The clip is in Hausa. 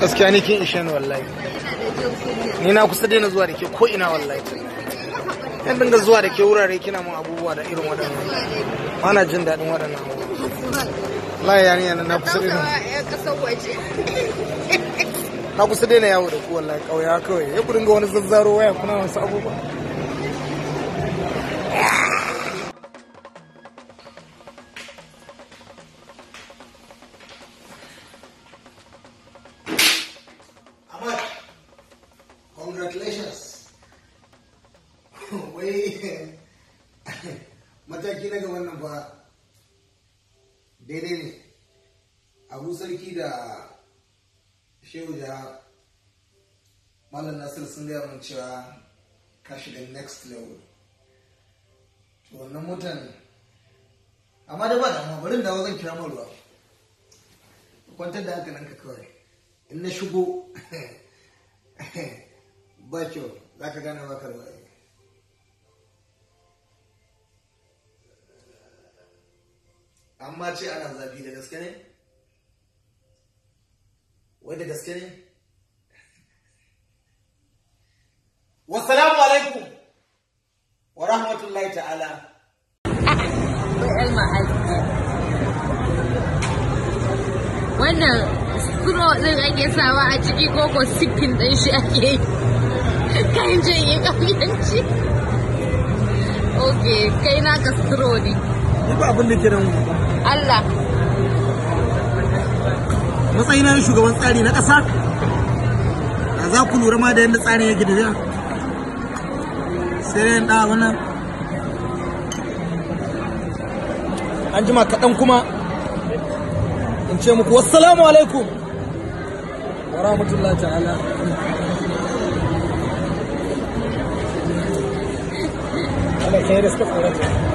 gaskiya ni kin ishe ni wallahi ni na kusa daina zuwa da ke ko ina wallahi yan dinga zuwa da ke wurare kina mun abubuwa da irin waɗannan ana jin daɗin waɗannan wallahi yani yana na kusa daina na kusa daina yawo da ku wallahi ƙauya kawai ya ku dinga wani zazzaro waya kuna wasu abubuwa congratulations wai mataki na ga wannan ba daidai ne abu sarki da shehu da malam nasir sun gaya mun cewa ka shiga next level to wannan mutane amma da ba damuwa bari da zan kira ruwa kwantar da hankalinka kawai in na shigo ba kyau za ka gane ba karɓa amma ce ana zafi da gaske ne wai da gaske ne wasalamu alaikum wa rahmatullahi ta'ala wannan kuma din ake sawa a ciki koko sikin din shi ake yi kayan jin yi kai na ni abin da ke Allah matsayi na shugaban tsari na ƙasa za ku lura ma da yadda tsarin yake da sai yan an jima kaɗan kuma in ce muku wassalamu alaikum wa rahmatullahi ta'ala share इसको पूरा चाहिए